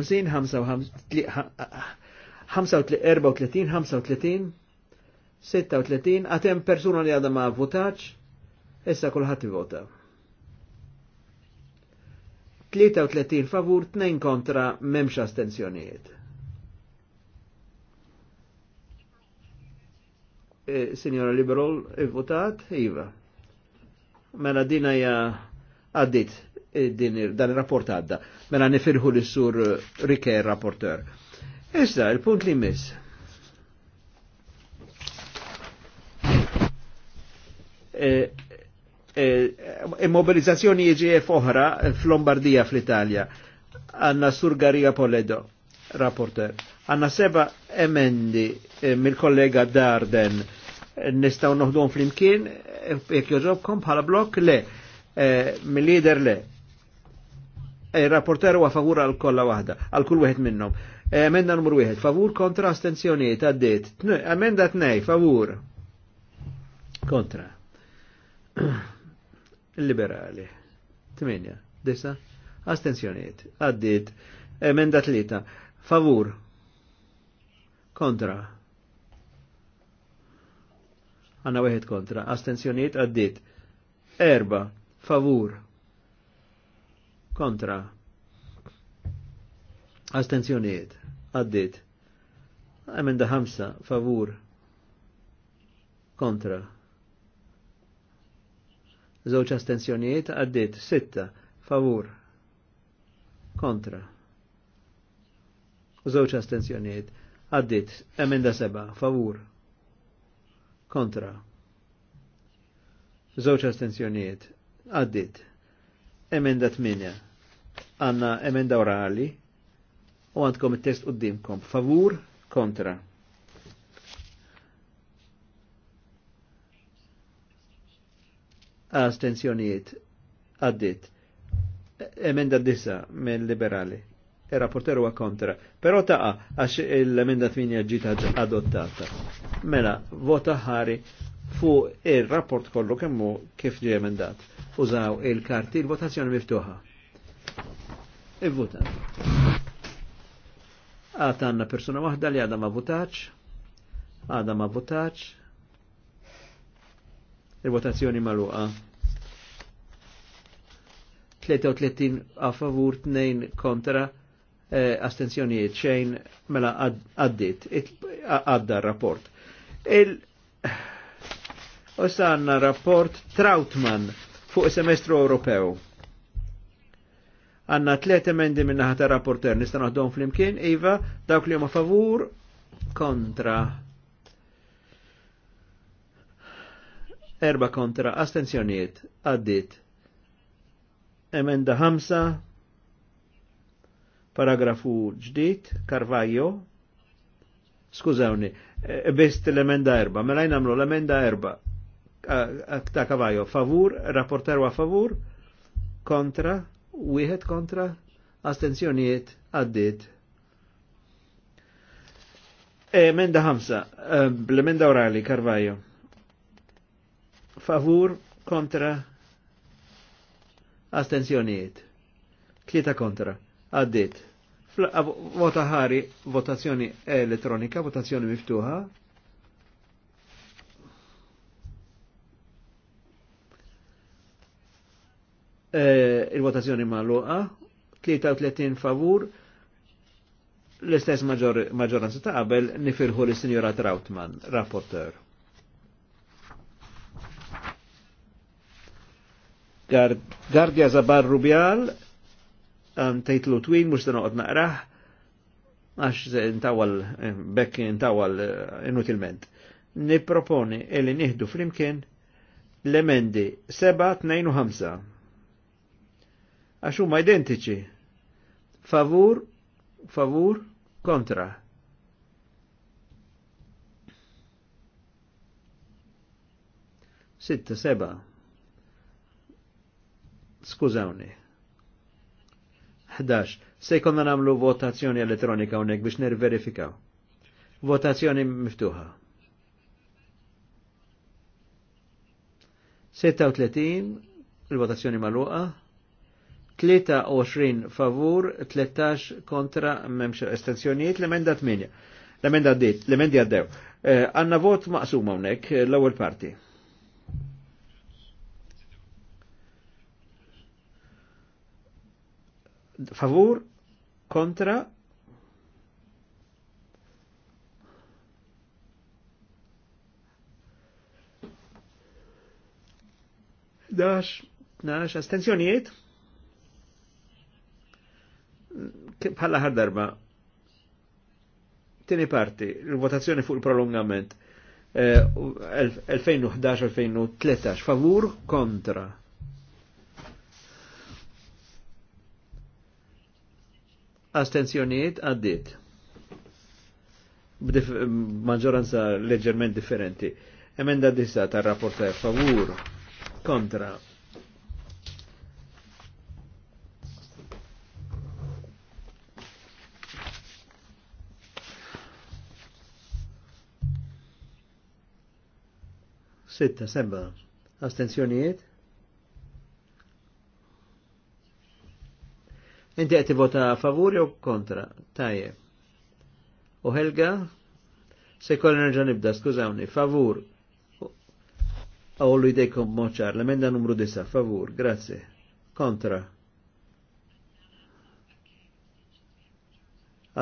35-36 għatem persuna li għadha ma votaċ, issa kullħat vota. 33 favur, 2 kontra, memx astenzjonijiet. E, Signora Liberol, e votat, Iva. Mela dina ja għaddit Eh, dan il-rapport għadda. Mela nifirħu li sur eh, Rike rapporteur. Issa, il-punt li miss. Eh, immobilizzazzjoni IGF e oħra fl-Lombardija fl-Italja. Għanna sur Garija Poledo, rapporteur. Għanna seba emendi mill-kollega Darden. Nistaw noħdom fl-imkien, jek joġobkom bħala blok le. mill-lider le, Il-rapporter huwa favur għal kollha waħda, għal kull wieħed minnhom. Emenda numru wieħed, favur kontra astenzjonijiet għaddiet. Emenda tnej, favur. Kontra. Liberali. Tminja, disa. Astenzjonijiet. Għaddiet. Emenda tlita. Favur. Kontra. Għanna wieħed kontra. Astenzjonijiet għaddiet. Erba. Favur kontra astenzjoniet għaddit emenda ħamsa favur kontra Zoċ astenzjoniet għaddit sitta favur kontra Zoċ astenzjoniet għaddit emenda seba favur kontra Zoċ astenzjoniet għaddit Emenda 8. Għanna emenda orali u għandkom il-test dimkom Favur, kontra. astenzjoniet Għaddit. Emenda disa minn liberali. Il-rapporter huwa kontra. Però taqa għax l-emenda 8 ġiet adottata. Mela, vota ħari fuq il-rapport kollu kemmu kif ġie emendat. Użaw il-karti, il-votazzjoni miftuħa. Ivvuta. Għat għanna persona wahda li għada ma votaċ, għada ma votaċ, il-votazzjoni maluqa. 33 a favur, 2 kontra, eh, astenzjonijiet xejn mela għaddit, għadda rapport. Il- U sanna rapport Trautman fuq semestru Ewropew. Għanna tliet emendi minna ħata rapporter nistan għaddon fl-imkien, Iva, dawk li huma favur, kontra. Erba kontra, astenzjoniet, għaddit. Emenda ħamsa, paragrafu ġdid, Karvajo, skużawni, e, e, bist l-emenda erba, mela jnamlu l-emenda erba, Eh, eh, ta' kavajo favur, rapporter wa favur, kontra, wieħed kontra, astenzjoniet, għaddit. Emenda ħamsa, eh, l-emenda orali, Karvajo. Favur, kontra, astenzjoniet. Tlieta kontra, għaddit. Vota ħari, votazzjoni elettronika, votazzjoni miftuħa, Eh, il-votazzjoni ma' luqa 33 favur, l-istess maġoranza ta' qabel nifirħu l-Sinjora Trautman, rapporteur. Gardja Zabar Rubjal, tejtlu twin, mux ta' noqot naqraħ, għax intawal, eh, bekk intawal eh, inutilment. Niproponi illi nihdu flimkien l-emendi 7, 2 u 5 għax huma identiċi. Favur, favur, kontra. Sitta, seba. Skużawni. 11. Se konna nagħmlu votazzjoni elettronika hawnhekk biex nirverifikaw. Votazzjoni miftuħa. 36 il-votazzjoni 37. 23 favur, 13 kontra memx estensjonijiet, l-emenda 8. L-emenda dit, l-emendi għaddew. Eh, għanna vot maqsum għonek, eh, l ewel parti. Favur, kontra, Dax, nax, astenzjonijiet? bħalla ħar darba. Tieni parti, il-votazzjoni fuq il-prolungament. 2011-2013 eh, favur kontra astenzjoniet għaddit maġġoranza leġġerment differenti emenda dissa tar rapporta favur kontra Sitta, seba. Astenzjonijiet? Inti għetti vota favuri u kontra? Tajje. U Helga? Se kolla nerġa nibda, skużawni, favur. Għollu idejkom moċar, l-emenda numru disa, favur, grazie. Kontra.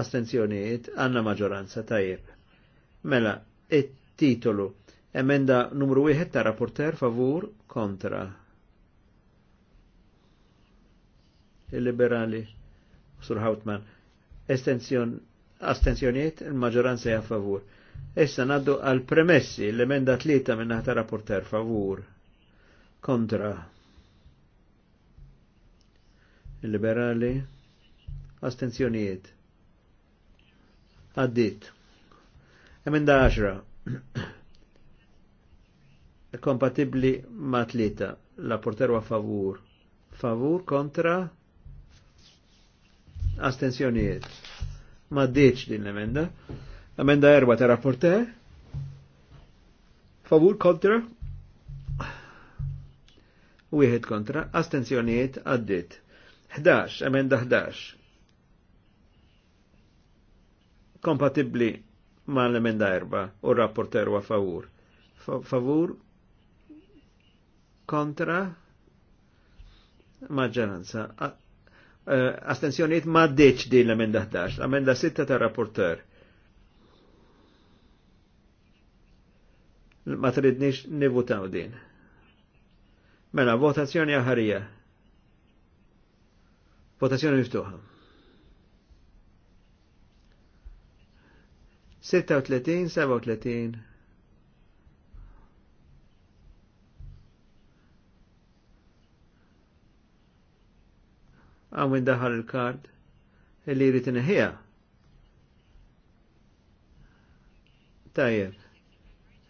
Astenzjonijiet, għanna maġoranza, tajjeb. Mela, it-titolu Emenda numru 1 ta' rapporter favur kontra. Il-liberali, Sur Hautman, estensjon, il-maġoranza ja favur. Issa naddu għal premessi l-emenda tlita minn ta' rapporter favur kontra. Il-liberali, astenzjonijiet. Għaddit. Emenda 10. kompatibli ma' tlita. La porteru a favur. Favur kontra astensjonijiet. Ma' deċ din l-emenda. Emenda erba ta' rapporte? Favur kontra. Wieħed kontra. Astenzjonijiet għaddit. 11, emenda 11. Kompatibli ma' l-emenda erba u rapporter wa favur. favur kontra maġġoranza. Eh, Astenzjoniet ma deċ din l-emenda 11, amenda 6 ta' rapporter. Ma tridniex nivutaw din. Mela, votazzjoni aħarija. Votazzjoni miftuħa. 36, 37, għaw minn daħal il-kard il illi jrid inħija. Tajjeb,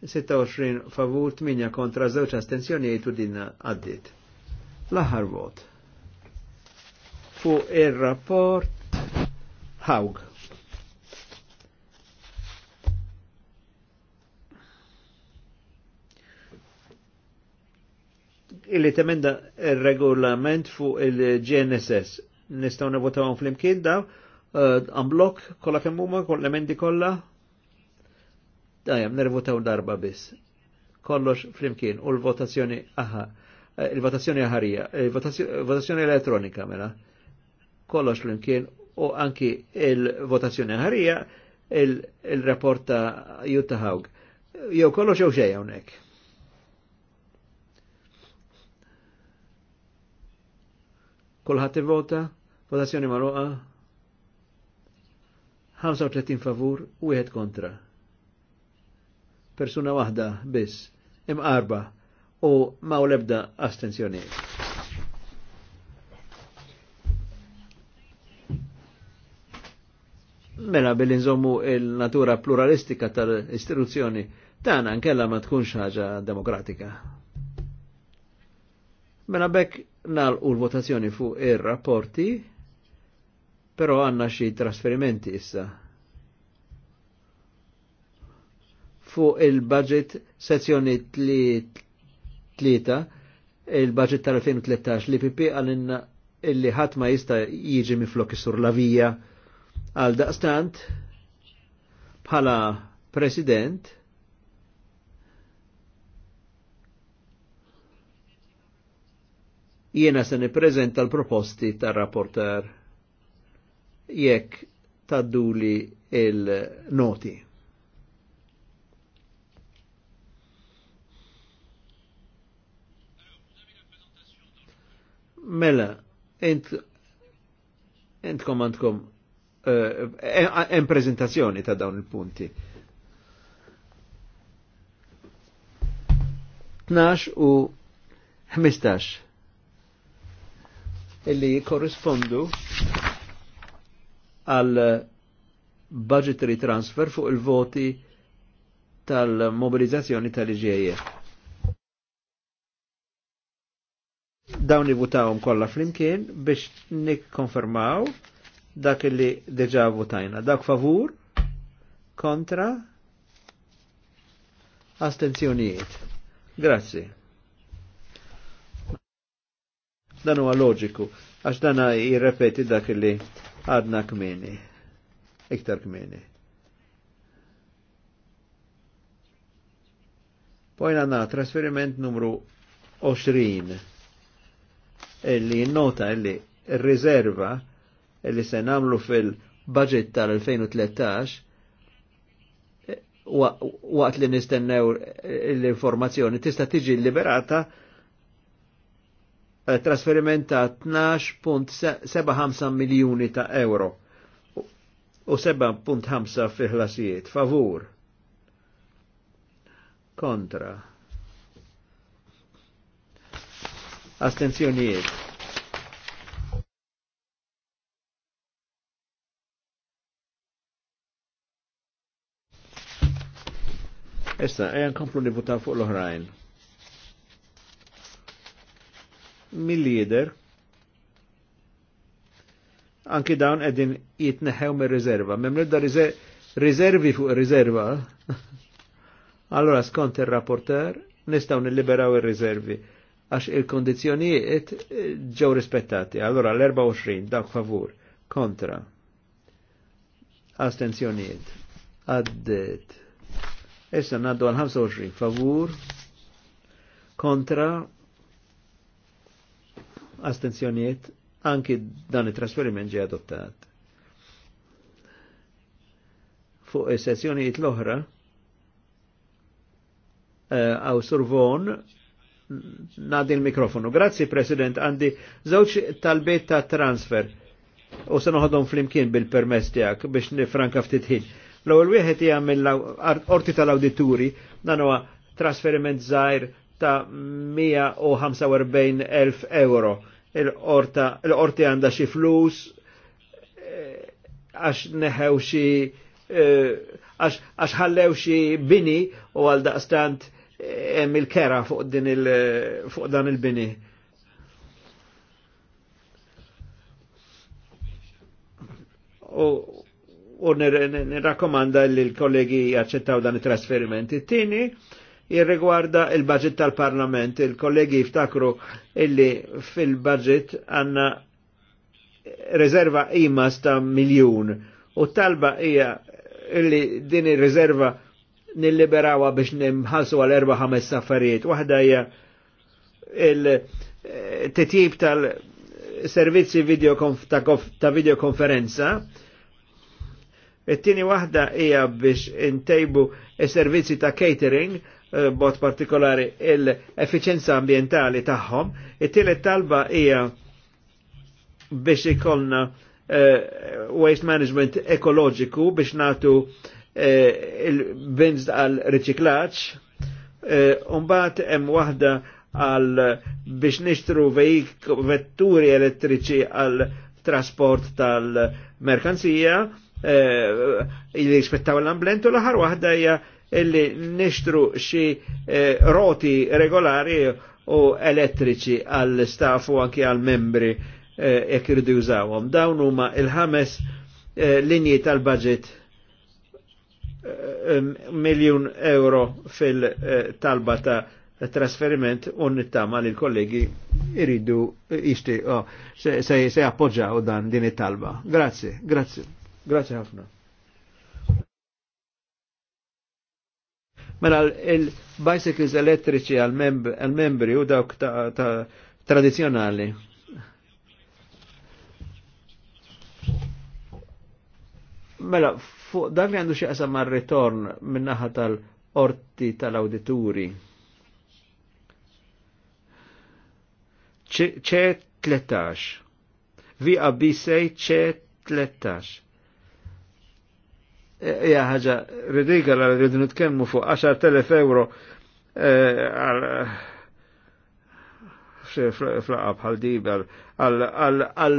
26 favur 8 kontra żewġ astensjonijiet u dinna għaddit. L-aħħar vot. Fu il rapport Haug. illi temenda il-regolament fuq il-GNSS. Nistaw nevotawon fl-imkien daw, għamblok eh, uh, kolla kemmuma, kolla emendi kolla. Dajem, nervotaw darba biss. Kollox fl-imkien, u l-votazzjoni aħa, eh, il-votazzjoni aħarija, il-votazzjoni elettronika mela. Kollox fl-imkien, u anki il-votazzjoni aħarija, il-rapport ta' Jutta Haug. Jew kollox jew xejja hawnhekk. Kulħadd ivota, votazzjoni marruqa, 35 favur, wieħed kontra. Persuna waħda biss, imqarba u ma' lebda astenzjoni. mela billi nżommu il-natura pluralistika tal-istituzzjoni tana nkella ma tkunx ħaġa demokratika. Mela bekk nalqu l-votazzjoni fuq ir-rapporti, però għanna xi trasferimenti issa. Fuq il-budget sezzjoni 3, il-budget tal-2013 li PP għalinna illi ħadd ma jista' jiġi miflok isur la vija għal daqstant bħala president Jiena se nipprezenta l-proposti tar-rapporter jekk tadduli il-noti. Mela, ent, ent komandkom, eh, eh, hemm en prezentazzjoni ta' dawn il-punti. 12 u 15 illi korrispondu għal budgetary transfer fuq il-voti tal-mobilizzazzjoni tal-IGF. Dawn votawhom kollha flimkien biex nikkonfermaw dak li deġa votajna. Dak favur, kontra, astenzjonijiet. Grazie. Dan huwa loġiku, għax dan jirrepeti dak li għadna kmini, iktar kmini. Pojna na trasferiment numru 20 illi nota illi il-rizerva illi se namlu fil-budget tal-2013 waqt li nistennew l-informazzjoni tista' tiġi liberata Eh, trasferiment ta' 12.75 miljuni ta' euro u 7.5 fil-ħlasijiet. Favur. Kontra. Astenzjonijiet. Issa, ejan komplu nivutaw fuq l-oħrajn. mill-lider anki dawn edin jitneħew me rizerva. Mem nibda rizervi fuq rizerva. allora skont il-rapporter nistaw nilliberaw il rizervi għax il-kondizjonijiet eh, ġew rispettati. Allora l-24 dak favur kontra astenzjonijiet għaddit. Issa naddu għal 25 favur kontra astenzjoniet, anki dan it trasferiment ġi adottat. Fuq sessjonijiet l-oħra, eh, għaw survon, nadi l-mikrofonu. Grazzi, President, għandi zawċ tal bet ta' transfer u se noħodhom flimkien bil-permess tiegħek biex nifranka ftit ħin. L-ewwel wieħed mill orti tal-awdituri dan huwa trasferiment żgħir ta' 145,000 euro il-qorti għanda xi flus eh, għax neħew xi eh, għax ħallew xi bini u għal daqstant eh, hemm il-kera fuq din il fuq dan il-bini. U nirrakkomanda li l-kollegi jaċċettaw dan it trasferimenti t-tini jirrigwarda il-budget tal-Parlament. Il-kollegi jiftakru illi fil-budget għanna rezerva imas ta' miljun u talba hija illi din ir-riserva nilliberawa biex nimħassu għal erba' ħames saffarijiet. Waħda hija il eh, tetjib tal-servizzi video ta', videokonferenza. It-tieni e waħda hija biex intejbu s-servizzi ta' catering Eh, bot partikolari l-efficienza ambientali tagħhom. It-tielet talba hija biex ikollna uh, waste management ekoloġiku biex natu uh, eh, il-bins għal riċiklaċ. Uh, umbat hemm waħda għal biex nixtru vetturi elettriċi għal trasport tal-merkanzija, uh, il-rispettaw l-amblentu l-ħar waħda hija illi nishtru xi eh, roti regolari u elettriċi għal staff u anki għal membri eh, jekk eh, irridu jużawhom. Dawn huma il-ħames eh, linji tal-budget eh, miljun euro fil-talba eh, ta' trasferiment un nittama li l-kollegi iridu ixti, oh, se, se, se appoġġaw dan din it-talba. Grazie, grazie, grazie ħafna. Mela il-bicycles elettriċi għal-membri u dawk ta' tradizjonali. Mela, fuq dak li għandu xieqsa ma' ritorn minnaħa tal-orti tal-awdituri. ċe 13. VAB sej ċe 13 hija ħaġa ridikola li rridu nitkellmu fuq 10,000 euro eh, flaqa bħal dibel għal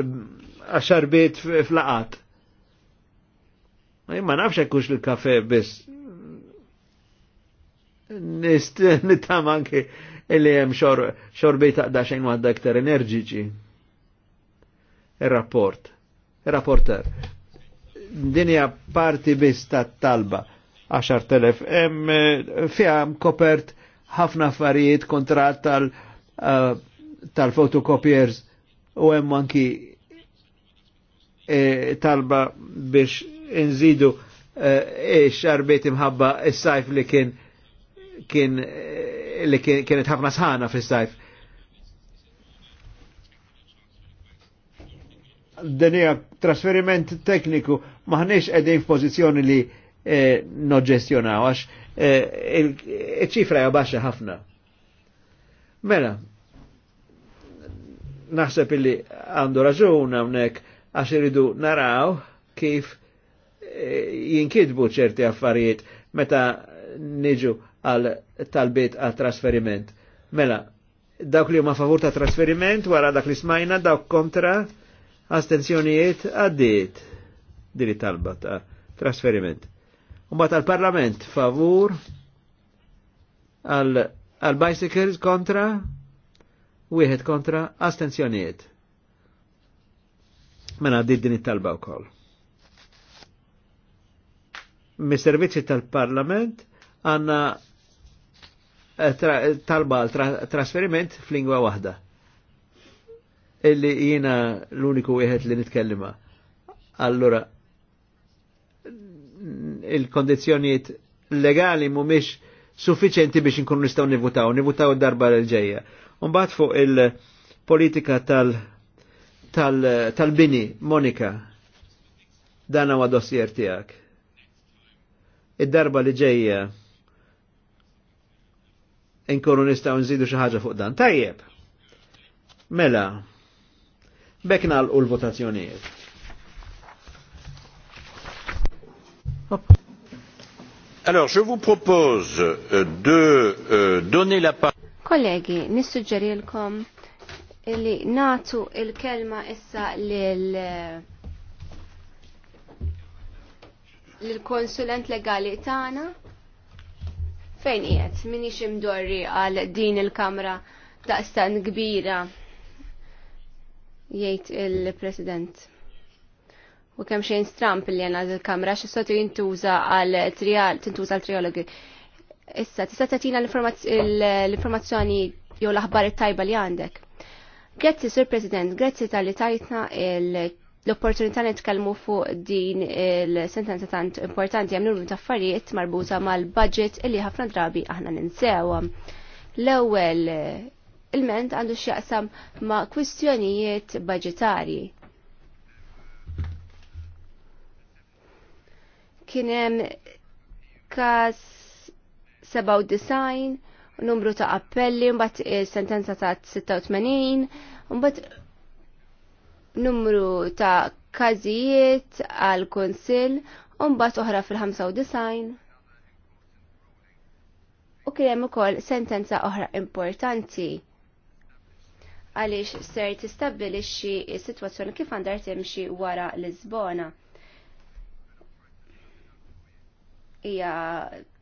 xarbiet flaqat. Ma nafx kux il-kafe biss. Nist nittam anki illi jem xorbejt taqda xejn wadda ktar enerġiġi. Il-rapport. Il-rapporter dinja parti biss tat-talba 10.000 hemm fiha kopert ħafna affarijiet kontrat tal uh, eh, tal-fotokopiers u hemm anki e, talba biex inżidu e, xarbiet imħabba s-sajf li kien kien li kienet ħafna sħana fis-sajf. denija hija trasferiment tekniku maħniex qegħdin f'pożizzjoni li eh, noġġestjonaw għax iċ-ċifra eh, hija baxxa ħafna. Mela, naħseb illi għandu raġun hawnhekk għax iridu naraw kif eh, jinkidbu ċerti affarijiet meta niġu għal talbiet għal trasferiment. Mela, dawk li huma favur ta' trasferiment wara dak li smajna, dawk kontra, astenzjonijiet għaddiet diri talba ta' trasferiment. Umba tal-parlament favur għal-bicycles kontra, wieħed kontra astenzjonijiet. Mena għaddiet din it-talba u koll. Mis-servizzi tal-parlament għanna eh, talba għal-trasferiment fl-lingwa wahda illi jiena l-uniku wieħed li nitkellima. Allora, il-kondizjonijiet legali mumiex suffiċenti biex nkunu nistgħu nivutaw, nivutaw darba l-ġejja. Umbagħad fuq il-politika tal- tal-bini, tal, tal Monika, dan huwa dossier tiegħek. Id-darba li ġejja inkunu nistgħu nżidu xi ħaġa fuq dan. Tajjeb. Mela, Beknal u l-votazzjonijiet. Alors, je vous propose euh, de euh, donner la parole. Kollegi, nissuġġerilkom li natu il-kelma issa lil eh, l-konsulent legali tagħna fejn qiegħed minix imdorri għal din il-kamra ta' stan kbira jgħid il-President. U kemm xejn stramp li jena l-kamra xi sotu jintuża għal trial tintuża l triologi. Issa tista' tagħtina l-informazzjoni jew l-aħbar it-tajba li għandek. Grazzi Sur President, grazzi tal-li tajtna l-opportunità nitkellmu fuq din il-sentenza tant importanti għamlu l taffarijiet marbuta mal-budget illi ħafna drabi aħna ninsewhom. L-ewwel il-ment għandu x'jaqsam ma' kwistjonijiet budgetari. Kienem kas 97, numru ta' appelli, mbagħad eh, sentenza ta' 86, mbagħad numru ta' każijiet għal konsil, mbagħad oħra fil-95. U kien hemm ukoll sentenza oħra importanti għaliex ser tistabbilixxi s-sitwazzjoni kif għandar timxi wara Lisbona. Hija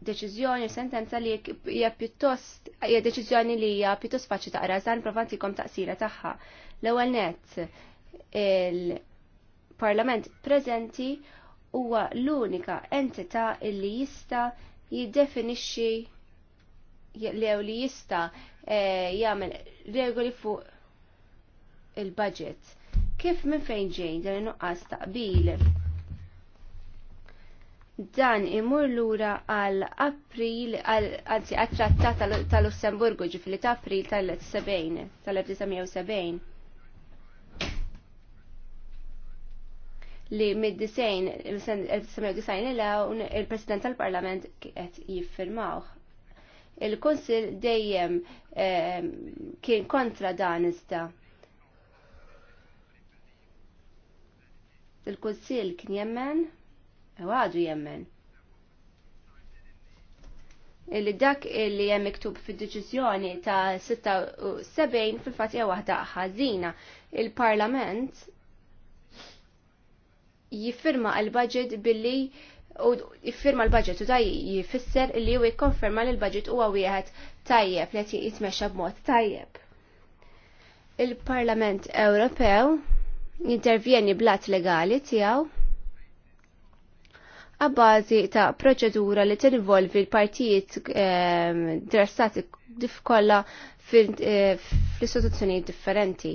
deċiżjoni sentenza li hija pjuttost hija deċiżjoni li hija pjuttost faċli taqra żan provantikom taqsira tagħha. L-ewwel nett il-Parlament preżenti huwa l-unika entità li jista' jiddefinixxi jew li jista' eh, jagħmel regoli fuq il-budget. Kif minn fejn ġejn dan nuqqas taqbil? Dan imur lura għal April, anzi għat trattat tal-Lussemburgu ġifli ta' April tal-70, tal-1970. li mid-disejn, 1990 il il-President tal-Parlament qed jiffirmawh il-Konsil dejjem eh, kien kontra dan iżda. il-Kunsill kien jemmen, u għadu jemmen. Illi dak illi hemm miktub fid-deċiżjoni ta' 76 fil-fatt hija waħda ħażina. Il-Parlament jiffirma l-budget billi u jiffirma l-budget u daj jifisser li u jikkonferma li l-budget huwa wieħed tajjeb li jitmexxa b'mod tajjeb. Il-Parlament Ewropew jintervjeni blat legali tijaw għabbażi ta' proċedura li tinvolvi l-partijiet ehm, interessati kollha eh, fl-istituzzjonijiet differenti.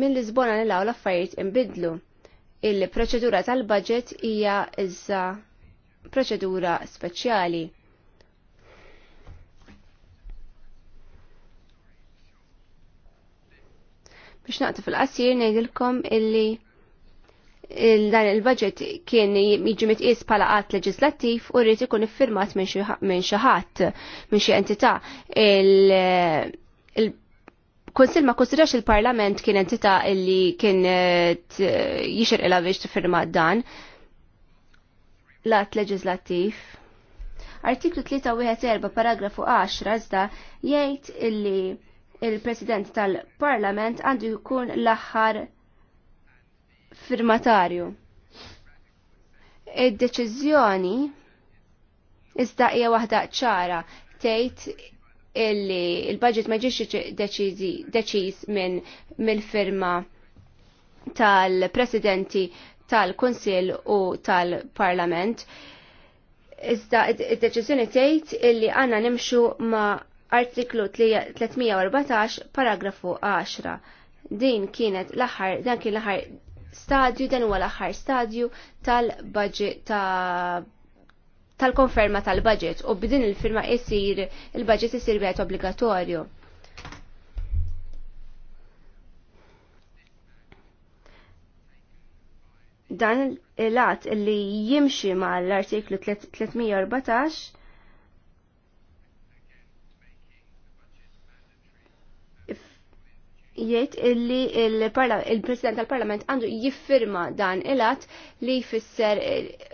Min Lisbona nilaw l-affarijiet imbidlu. Il-proċedura tal-budget hija iżda proċedura speċjali. Biex naqta fil-qasir ngħidilkom illi dan il-budget kien jiġi mitqis bħala qatt leġislattiv u rrid ikun iffirmat minn xi ħadd minn xi entità. Il-Kunsil ma konsidrax il-Parlament kien entità illi kien eh, jixir ilha biex tiffirma dan l-att leġislattiv. Artiklu 314 paragrafu 10 jgħid illi il-President tal-Parlament għandu jkun l-aħħar firmatarju. Id-deċiżjoni iżda hija waħda ċara tgħid illi il-budget ma ġiex deċiż minn mill-firma tal-presidenti tal-Kunsill u tal-Parlament. Iżda id-deċiżjoni tgħid illi għandna nimxu ma' artiklu 314 paragrafu 10. Din kienet l-aħħar, dan kien l-aħħar stadju, dan huwa l-aħħar stadju tal-budget ta' tal-konferma tal-budget u b'din il-firma isir il-budget isir bħet obbligatorju. Dan il-lat li jimxi mal l-artiklu 314 jiet illi il-President tal-Parlament għandu jiffirma dan il-att li jfisser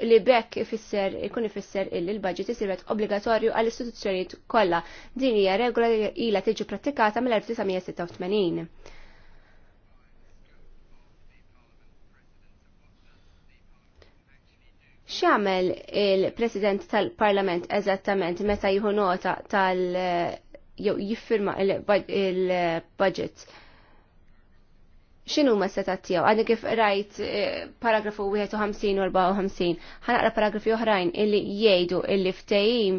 li bekk ifisser ikun ifisser illi l-budget isirbet obbligatorju għall istituzzjonijiet kollha. Din hija regola ilha tiġi prattikata mill-1986. X'jagħmel il-President tal-Parlament eżattament meta jieħu nota tal- jew jiffirma il-budget? il budget il xinu ma seta tijaw, għadni kif rajt eh, paragrafu 51 u 54, ħanaqra paragrafi oħrajn illi jgħidu illi ftejim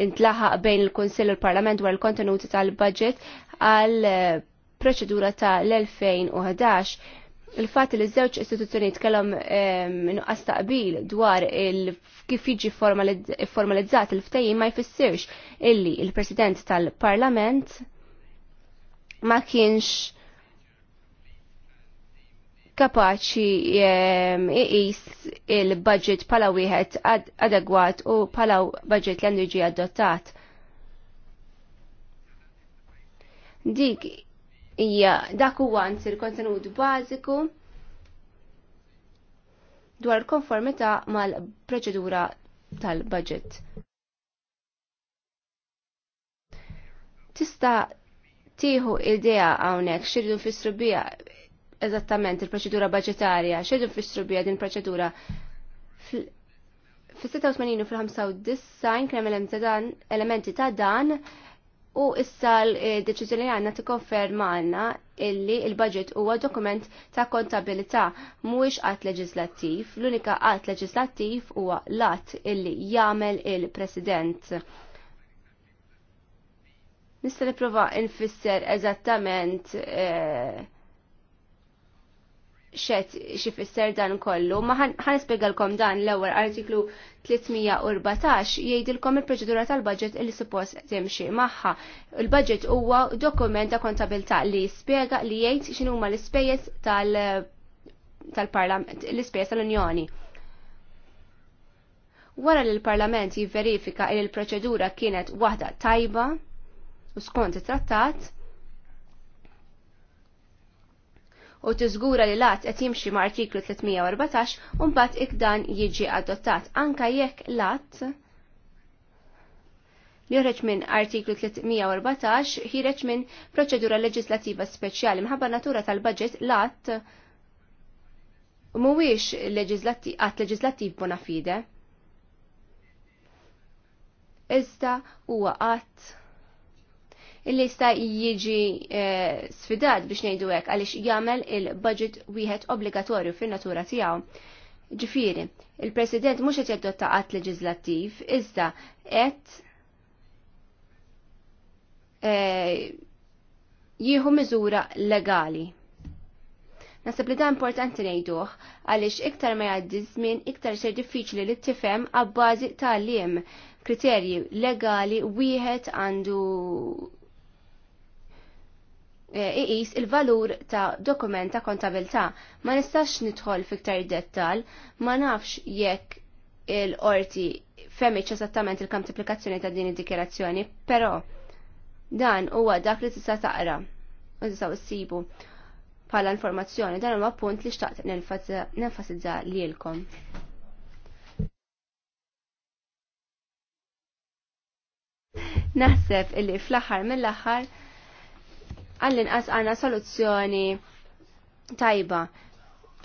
intlaħaq bejn il-Konsil u l-Parlament dwar il-kontenuti tal-budget għal eh, proċedura ta' l-2011. Il-fat li żewġ istituzzjonijiet kellhom eh, nuqqas taqbil dwar kif jiġi formalizzat il-ftejim ma jfissirx illi il-President tal-Parlament ma kienx kapaċi ehm, iqis il-budget pala wieħed adegwat u pala budget li enerġi adottat. Dik hija dak huwa il kontenut bażiku dwar konformità mal-proċedura tal-budget. Tista' tieħu idea hawnhekk x'irridu fissru biha eżattament il-proċedura budgetarja, xedu fissru bija din proċedura. Fis-86 u fil-95 kien hemm elementi ta' dan u issa l-deċiżjoni għandna tikkonferma għandna illi il-budget huwa dokument ta' kontabilità mhuwiex qatt leġislattiv, l-unika qatt leġislattiv huwa l-att illi jagħmel il-President. Nista' nipprova nfisser eżattament eh, xet xifisser dan kollu. Ma ħan ispiegalkom dan l-ewwel artiklu 314 jgħidilkom il-proċedura tal-budget li suppost timxi magħha. Il-budget huwa dokument ta' kontabilità li jispjega li jgħid x'inhu ma l-ispejjeż tal-Parlament, l-ispejjeż tal-Unjoni. Wara li l-Parlament jivverifika li l-proċedura kienet waħda tajba u skont it-trattat, u tiżgura li lat qed jimxi ma' artiklu 314 u mbagħad ikdan jiġi adottat anka jekk lat li joħreġ minn artiklu 314 ħireġ minn proċedura leġislativa speċjali mħabba natura tal-budget lat mhuwiex għat leġislattiv bona fide. Iżda huwa qatt illi sta jiġi eh, sfidat biex ngħidu hekk għaliex jagħmel il-budget wieħed obbligatorju fin-natura tiegħu. Ġifieri, il-President mhux qed jadotta qatt leġislattiv, iżda qed eh, jieħu miżura legali. Nasib li da importanti nejduħ, għalix iktar ma jgħaddi żmien iktar ser diffiċli li tifhem għabbażi tal-lim kriterji legali wieħed għandu Eh, iqis il-valur ta' dokument ta' kontabilta. Ma nistax nidħol fiktar dettal, ma nafx jekk il-qorti femiċ esattament il kamt applikazzjoni ta' din id-dikjerazzjoni, però dan huwa dak li tista' taqra u tista' issibu bħala informazzjoni dan huwa punt li xtaqt nenfasizza lilkom. Naħseb illi fl-aħħar mill-aħħar għall-inqas għandna soluzzjoni tajba.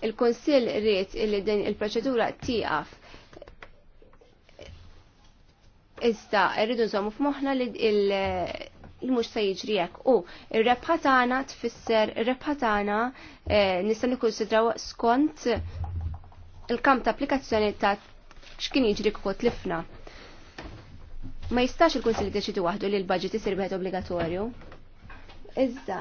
Il-Kunsill rrit li din il-proċedura tieqaf. Iżda rridu nżommu f'moħħna li il mux se jiġri hekk. U ir-repatana tfisser ir-repatana eh, nista' nikkunsidraw skont il-kamp ta' applikazzjoni ta' x'kien jiġri kot lifna. Ma jistax il-Kunsill jiddeċidu waħdu li l-budget isir wieħed obbligatorju iżda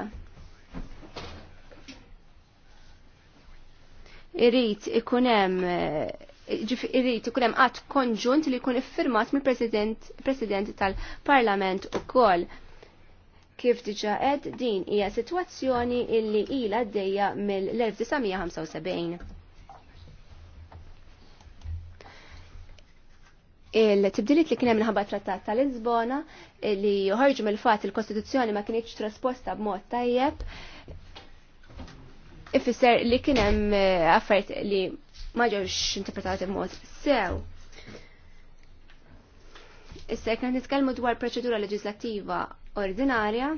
irrit ikunem eh, irrit ikunem għat konġunt li jkun iffirmat mill-President tal-Parlament u koll. Kif diġa din hija sitwazzjoni illi ila għaddejja mill-1975. il-tibdiliet li kien hemm minħabba trattat ta' Lisbona li joħarġu mill-fatt il-Kostituzzjoni ma kienx trasposta b'mod tajjeb ifisser li kien hemm eh, affarijiet li ma ġewx interpretati b'mod sew. Issa jekk nitkellmu dwar proċedura leġislattiva ordinarja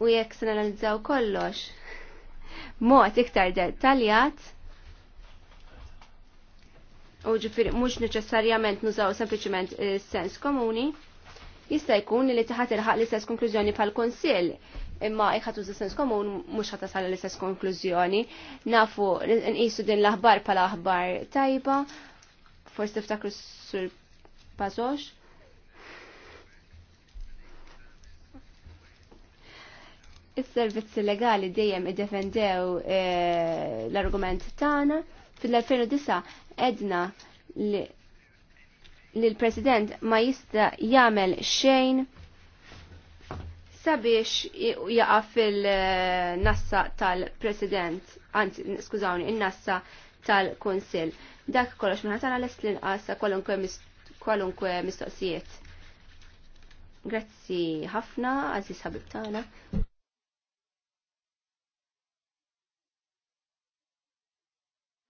u jekk se nanalizzaw kollox mod iktar dettaljat u ġifiri mux neċessarjament nużaw sempliciment eh, sens komuni, jista' jkun li taħat irħaq l-istess konklużjoni pal konsil imma jħat uża sens komun mhux ħat tasal l-istess konklużjoni. Nafu nqisu din l-aħbar pala aħbar tajba, forsi ftakru sur Pazox. Is-servizzi legali dejjem iddefendew eh, l-argument tagħna. Fil-2009 edna li l-President ma jista jagħmel xejn sabiex jaqa fil-nassa tal-President, anzi, skużawni, il-nassa tal-Konsil. Dak kollox minħatana l-est l-inqas kwalunkwe mistoqsijiet. Grazzi ħafna, għaziz ħabib tagħna.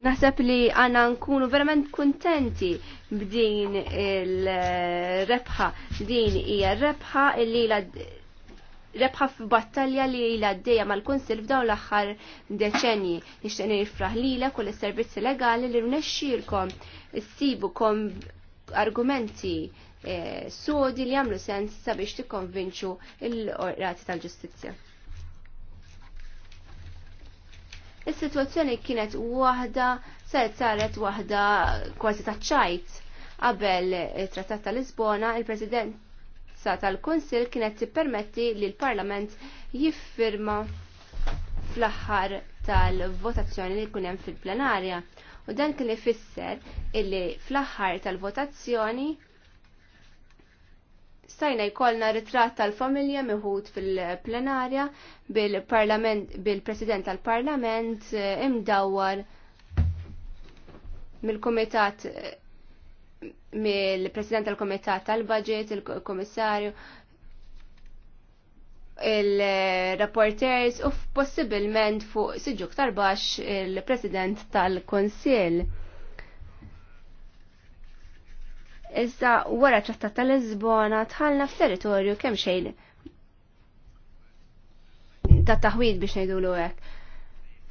Naħseb li għana nkunu verament kontenti b'din il-rebħa. Din hija rebħa li la rebħa f'battalja li la d-dejja mal-Kunsil f'dawn l-aħħar deċenji. Nixtieq nifraħ lilek u l-servizzi legali li rnexxielkom kom argumenti eh, sodi li għamlu sens sabiex tikkonvinċu l-rati tal-ġustizzja. Is-sitwazzjoni kienet waħda saret saret waħda kważi taċċajt. Qabel it-Trattat ta' Lisbona, il-Presidenza tal-Kunsil kienet tippermetti li l-Parlament jiffirma fl-aħħar tal-votazzjoni li kunem fil-plenarja. U dan kien ifisser illi fl-aħħar tal-votazzjoni stajna jkollna ritratt tal-familja miħut fil-plenarja bil president tal-parlament eh, imdawwar mill-komitat eh, mill-president tal-komitat tal-budget, il-komissarju, il-rapporters u possibilment fuq siġuk tarbax il-president tal-konsil. Iżda wara trattat tal-Lisbona tħallna f'territorju kemm xejn ta' taħwid biex ngħidulu hekk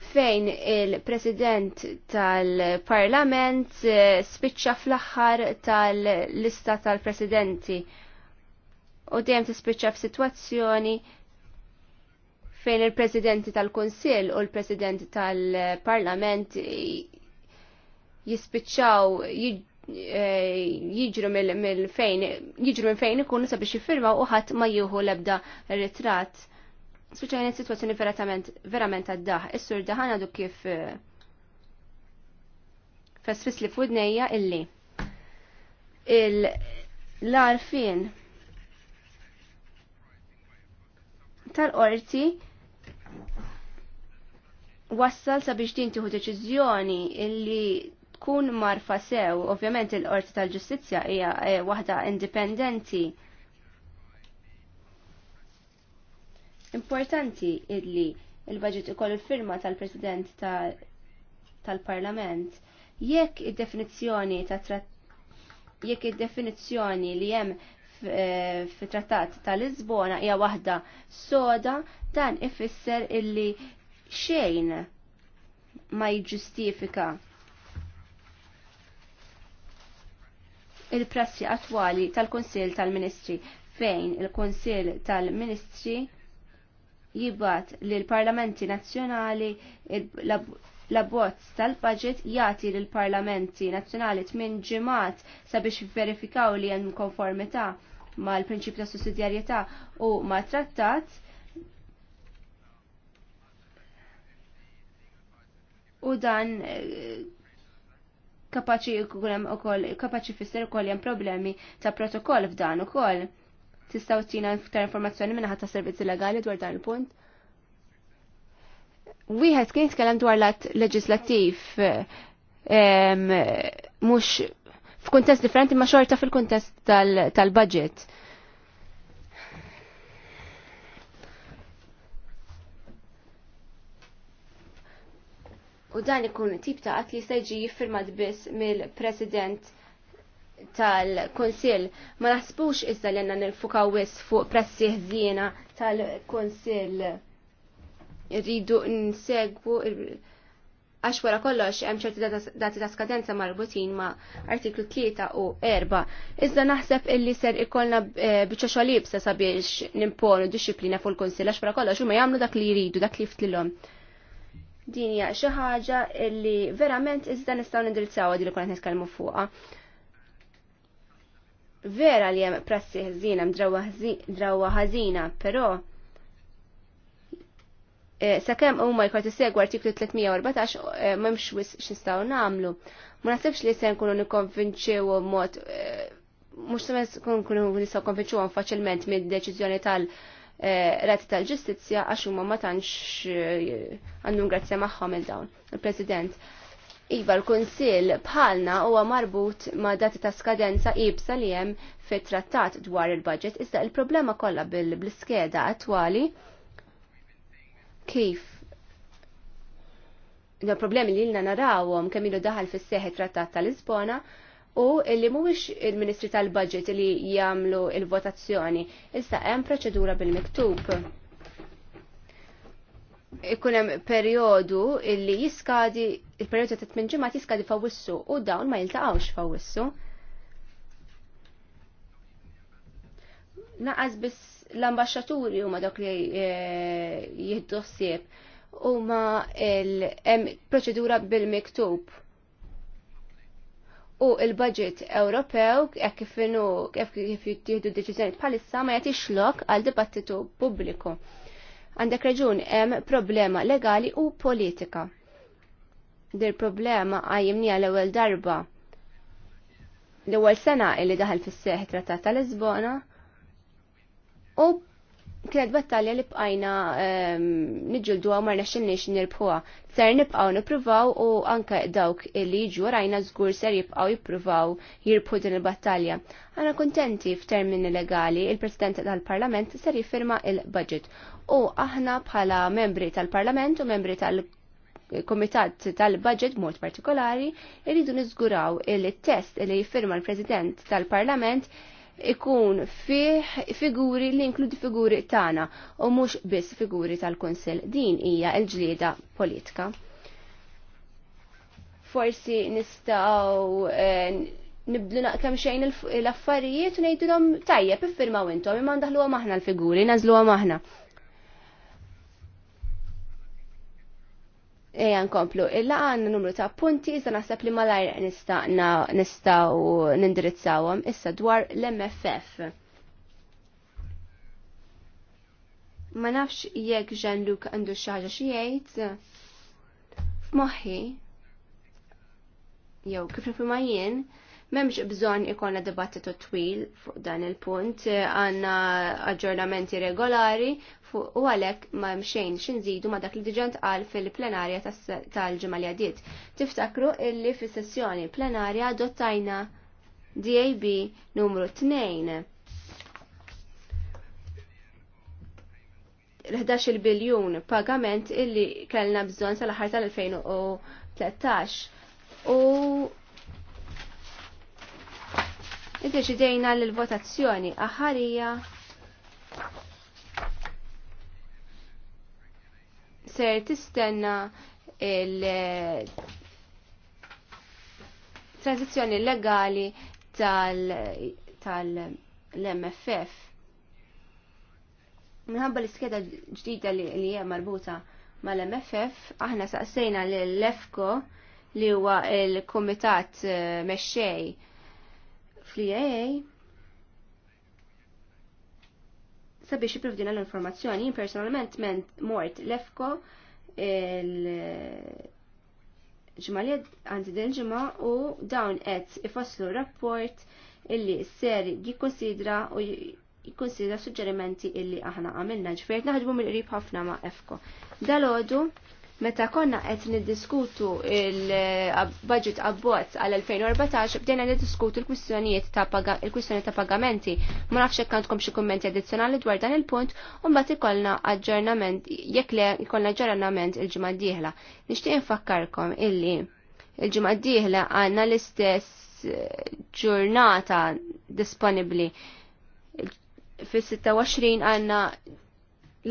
fejn il-President tal-Parlament eh, spiċċa fl-aħħar tal-lista tal-Presidenti u dejjem tispiċċa f'sitwazzjoni fejn il-Presidenti tal-Kunsill u l-President tal-Parlament jispiċċaw Eh, jiġru mill-fejn, jiġru minn fejn ikunu sabiex jiffirmaw u ħadd ma jieħu l-ebda ritratt. Speċjalment situazzjoni verament verament għaddaħ. Is-sur daħan għadu kif eh, fesfis li fudnejja illi l-arfin tal-qorti wassal sabiex din tieħu deċiżjoni illi tkun marfa sew, ovvjament il-Qorti tal-Ġustizzja hija eh, waħda indipendenti. Importanti illi il-budget ikollu firma tal-President tal-Parlament. Jekk id-definizzjoni ta' jekk id-definizzjoni li hemm eh, fit-trattat tal-Lisbona hija waħda soda dan ifisser illi xejn ma jiġġustifika il-prassi attwali tal-Kunsill tal-Ministri fejn il-Kunsill tal-Ministri jibbat li l-Parlamenti Nazzjonali l-abbozz tal-budget jati l parlamenti Nazzjonali tmin ġimat sabiex verifikaw li hemm konformità mal-prinċipju ta' sussidjarjetà u ma' trattat u dan eh, kapaċi jkunem u koll, kapaċi fisser u koll jem problemi ta' protokoll f'dan u koll. Tistaw tina iktar informazzjoni minna ta' servizzi legali dwar dan il-punt. Wieħed kien jitkellem dwar lat leġislattiv mhux f'kuntest differenti ma' xorta fil-kuntest tal-budget. Tal U dan ikun tip ta' qatt li seġi jiġi jiffirmat biss mill-President tal-Konsil. Ma naħsbux issa li għanna nilfukaw wis fuq pressi ħżiena tal-Konsil. Rridu n-segwu. għax wara kollox hemm ċerti dati ta' skadenza marbutin ma' artiklu 3 u 4. Iżda naħseb illi ser ikollna eh, biċċa xolib se sabiex nimponu disċiplina fuq il-Kunsill għax wara kollox ma' jagħmlu dak li jridu, dak li ftlilhom din hija xi ħaġa li verament iżda nistgħu nindirizzawha din li nitkellmu fuqha. Vera li hemm prassi ħżina drawwa ħażina, però eh, sakemm huma jkun tissegwu artiklu 314 eh, m'hemmx wis x'nistgħu nagħmlu. Ma naħsibx li se nkunu nikkonvinċew mod eh, mhux se nkunu nistgħu konvinċuhom faċilment mid-deċiżjoni tal- Eh, rati tal-ġustizja għax huma ma tantx eh, għandhom grazzja magħhom il-dawn. Il-President, Iva l-Kunsill bħalna huwa marbut ma' dati ta' skadenza ibsa li hemm fit-trattat dwar il-budget, iżda il-problema kollha bil iskeda attwali kif il problemi li lna narawhom kemm ilu daħal fis-seħi trattat tal-Lisbona, u illi mhuwiex il-Ministri tal-Budget li jagħmlu il-votazzjoni, issa hemm proċedura bil-miktub. Ikun hemm perjodu illi jiskadi il-perjodu ta' tmien ġimgħat jiskadi fawissu u dawn ma jiltaqgħux fawissu. Naqas biss l-ambasċaturi huma dak li e, jihdossieb huma il proċedura bil-miktub u il-budget Ewropew hekk kif inhu kif jittieħdu deċiżjoni bħalissa ma jagħtix lok għal dibattitu pubbliku. Għandek raġun hemm problema legali u politika. Dir problema għajimnija l-ewwel darba l-ewwel sena li daħal fis seħħ Trattat ta' Lisbona u kienet battalja li bqajna ehm, nġildu għaw marna xilniex nirbħuha. Ser nibqaw nipruvaw u anka dawk li jiġu rajna żgur ser jibqaw jippruvaw jirbħu din il-battalja. Għana kontenti f'termini legali il-President tal-Parlament ser jiffirma il-budget. U aħna bħala membri tal-Parlament u membri tal komitat tal-budget mod partikolari irridu niżguraw il-test li jiffirma l-President tal-Parlament il test li jifirma il-President tal-Parlament president tal parlament ikun fih figuri li inkludi figuri tagħna u mhux biss figuri tal konsil Din hija l-ġlieda politika. Forsi nistgħu eh, nibdlu naqkam xejn l-affarijiet u ngħidulhom tajjeb iffirmaw intom imma ndaħluha maħna l-figuri, nażluha maħna. Eja nkomplu, illa għanna numru ta' punti, iżda naħseb li malajr nistaw nindirizzawhom issa dwar l-MFF. Ma nafx jekk jean luk għandu xaġa xi jgħid f'moħħi jew kif nifhimha jien, m'hemmx bżonn ikonna dibattitu twil fuq dan il-punt, għandna aġġornamenti regolari u għalhekk ma mxejn xinżidu ma dak li diġà ntqal fil-plenarja tal-ġimgħa li għaddiet. Tiftakru illi fis-sessjoni plenarja adottajna DAB numru 2 11 biljun pagament illi kellna bżonn sal-aħħar tal-2013 u id-deċidejna l-votazzjoni aħarija ser tistenna il- eh, tranzizjoni legali tal-MFF. Tal, Minħabba l-iskeda ġdida li hija marbuta mal-MFF, aħna saqsejna l-EFCO li huwa l-Kumitat eh, Mexxej fl-IAA sabiex din l-informazzjoni. Jien personalment ment mort lefko il-ġmaliet għanti din ġima u dawn qed ifasslu rapport illi ser jikkonsidra u jikkonsidra suġġerimenti illi aħna għamilna ġifier naħdmu mill-qrib ħafna ma' EFCO. Dalodu Meta konna qed niddiskutu il-budget uh, abbozz għal 2014 bdejna niddiskutu l-kwistjonijiet ta' il-kwistjoni ta' pagamenti. Ma nafx hekk għandkom xi kummenti addizzjonali dwar dan il-punt u mbagħad ikollna aġġornament jekk le ikollna aġġornament il-ġimgħa d-dieħla. Nixtieq infakkarkom illi il-ġimgħa d-dieħla għandna l-istess uh, ġurnata disponibbli. Fis-26 għandna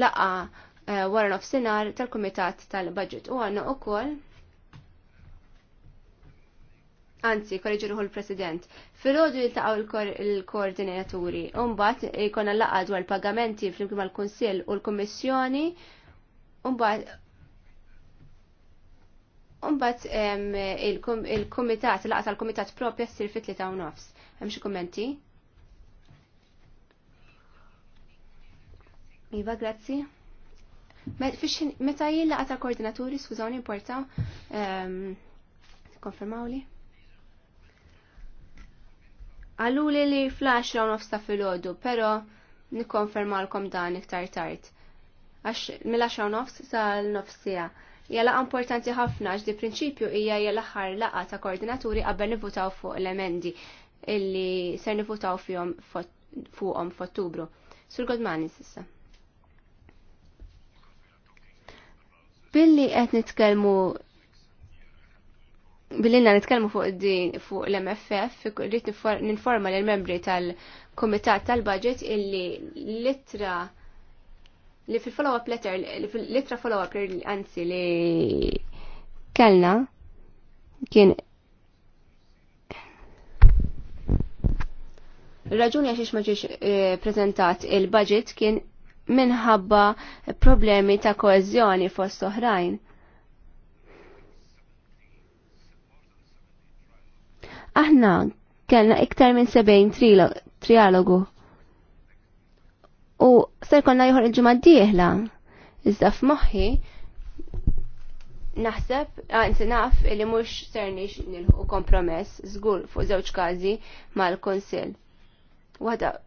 laqa' Eh, wara nofsinhar tal-Kumitat tal-Budget u u wkoll Anzi, kolleġi ruħu l-President. Fil-ħodu jiltaqaw il-koordinaturi, unbat jkonna laqad dwar pagamenti fl-imkien mal-Kunsill u l-Kommissjoni, unbat Umbat il-komitat, laqta l komitat propja s-sir fit nofs. Hemm xi kummenti? Iva, grazzi. Meta jien għata ta' koordinaturi, skużawni importa, ehm, konfermaw li? Għallu li li flash raw nofsta fil ħodu pero l-kom dan iktar tard. Għax mill-10 nofs l nofsija Jalla importanti ħafna għax di prinċipju hija jalla aħħar laqa ta' koordinaturi qabel nivutaw fuq l-emendi illi ser nivutaw fuqhom f'Ottubru. Sur Godmani sissa. Billi qed nitkellmu billi na nitkellmu fuq din fuq l-MFF, rrit ninforma l membri tal-Kumitat tal-Budget illi litra li fil-follow-up letter, li fil-litra follow-up anzi li kellna kien Il-raġuni għax ma ġiex eh, prezentat il-budget kien minħabba problemi ta' koezjoni fost oħrajn. Aħna kellna iktar minn 70 trialogu. U ser konna jħor il-ġimma d-dieħla. Iżda f'moħħi naħseb, għanzi naf li mux sernix nilħu kompromess, zgur fuq żewġ kazi mal-konsil. Wada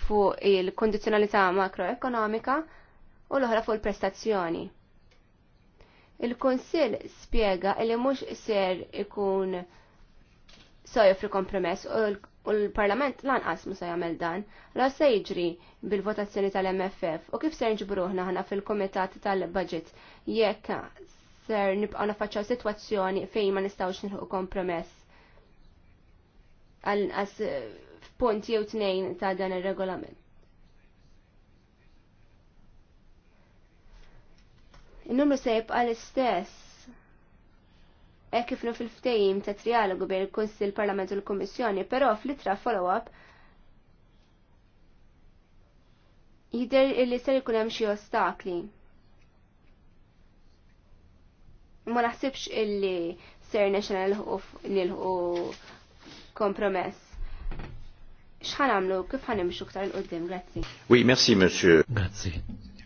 fuq il-kondizjonalità makroekonomika u l-oħra fuq il-prestazzjoni. Il-Kunsill spjega li mhux ser ikun sojofri kompromess u l-Parlament lanqas mu se jagħmel dan, la se jiġri bil-votazzjoni tal-MFF u kif ser nġbruħna ħana fil-Kumitat tal-Budget jekk ser nibqgħu nafaċċaw sitwazzjoni fejn ma nistgħux nilħu kompromess punt jew tnejn ta' dan ir-regolament. Il-numru se jibqa l-istess hekk kifnu fil-ftehim ta' trialogu bejn il-Kunsill Parlament u l-Kummissjoni, però fl-itra follow-up jidher li ser ikun hemm xi ostakli. Ma naħsibx illi ser nexxa nilħu kompromess xħan għamlu, kif ħan imxu ktar l-qoddim, grazzi. Oui, merci, monsieur. Grazzi.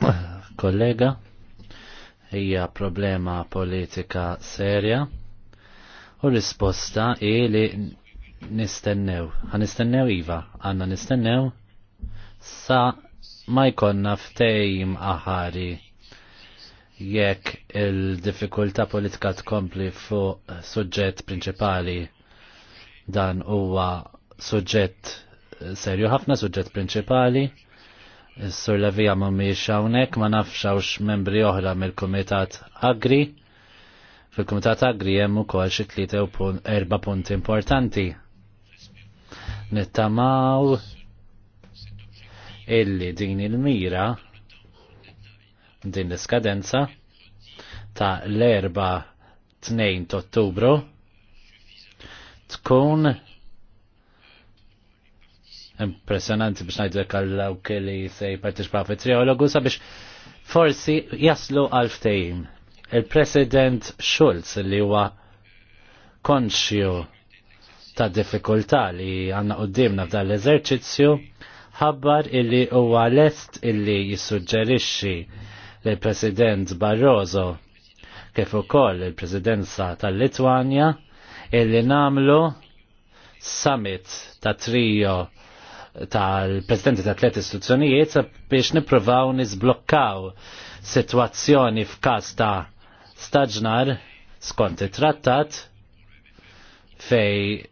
Kollega, hija problema politika serja u risposta i li nistennew. Għan nistennew Iva, għanna nistennew sa ma jkonna ftejm aħari jekk il-difikulta politika tkompli fuq suġġett prinċipali dan huwa suġġett serju ħafna, suġġett prinċipali. Is-sur Levija mhumiex hawnhekk, ma nafx membri oħra mill-Kumitat Agri. Fil-Kumitat Agri hemm ukoll xi tlieta erba' punti importanti. Nittamaw illi din il-mira din l-iskadenza ta' l-erba' 2 ottubru tkun impressionanti biex najdek għallaw kelli se jpartiċpa fi triologu sabiex forsi jaslu għal ftejn. Il-President Schulz li huwa konxju ta' diffikultà li għanna qoddimna f'dan l-eżerċizzju ħabbar illi huwa lest illi jissuġġerixxi l-President Barroso kif ukoll il-Presidenza tal-Litwanja illi namlu summit ta' trio tal-presidenti ta' tliet istituzzjonijiet biex nippruvaw nizblokkaw sitwazzjoni f'każ ta' staġnar skont it-trattat fej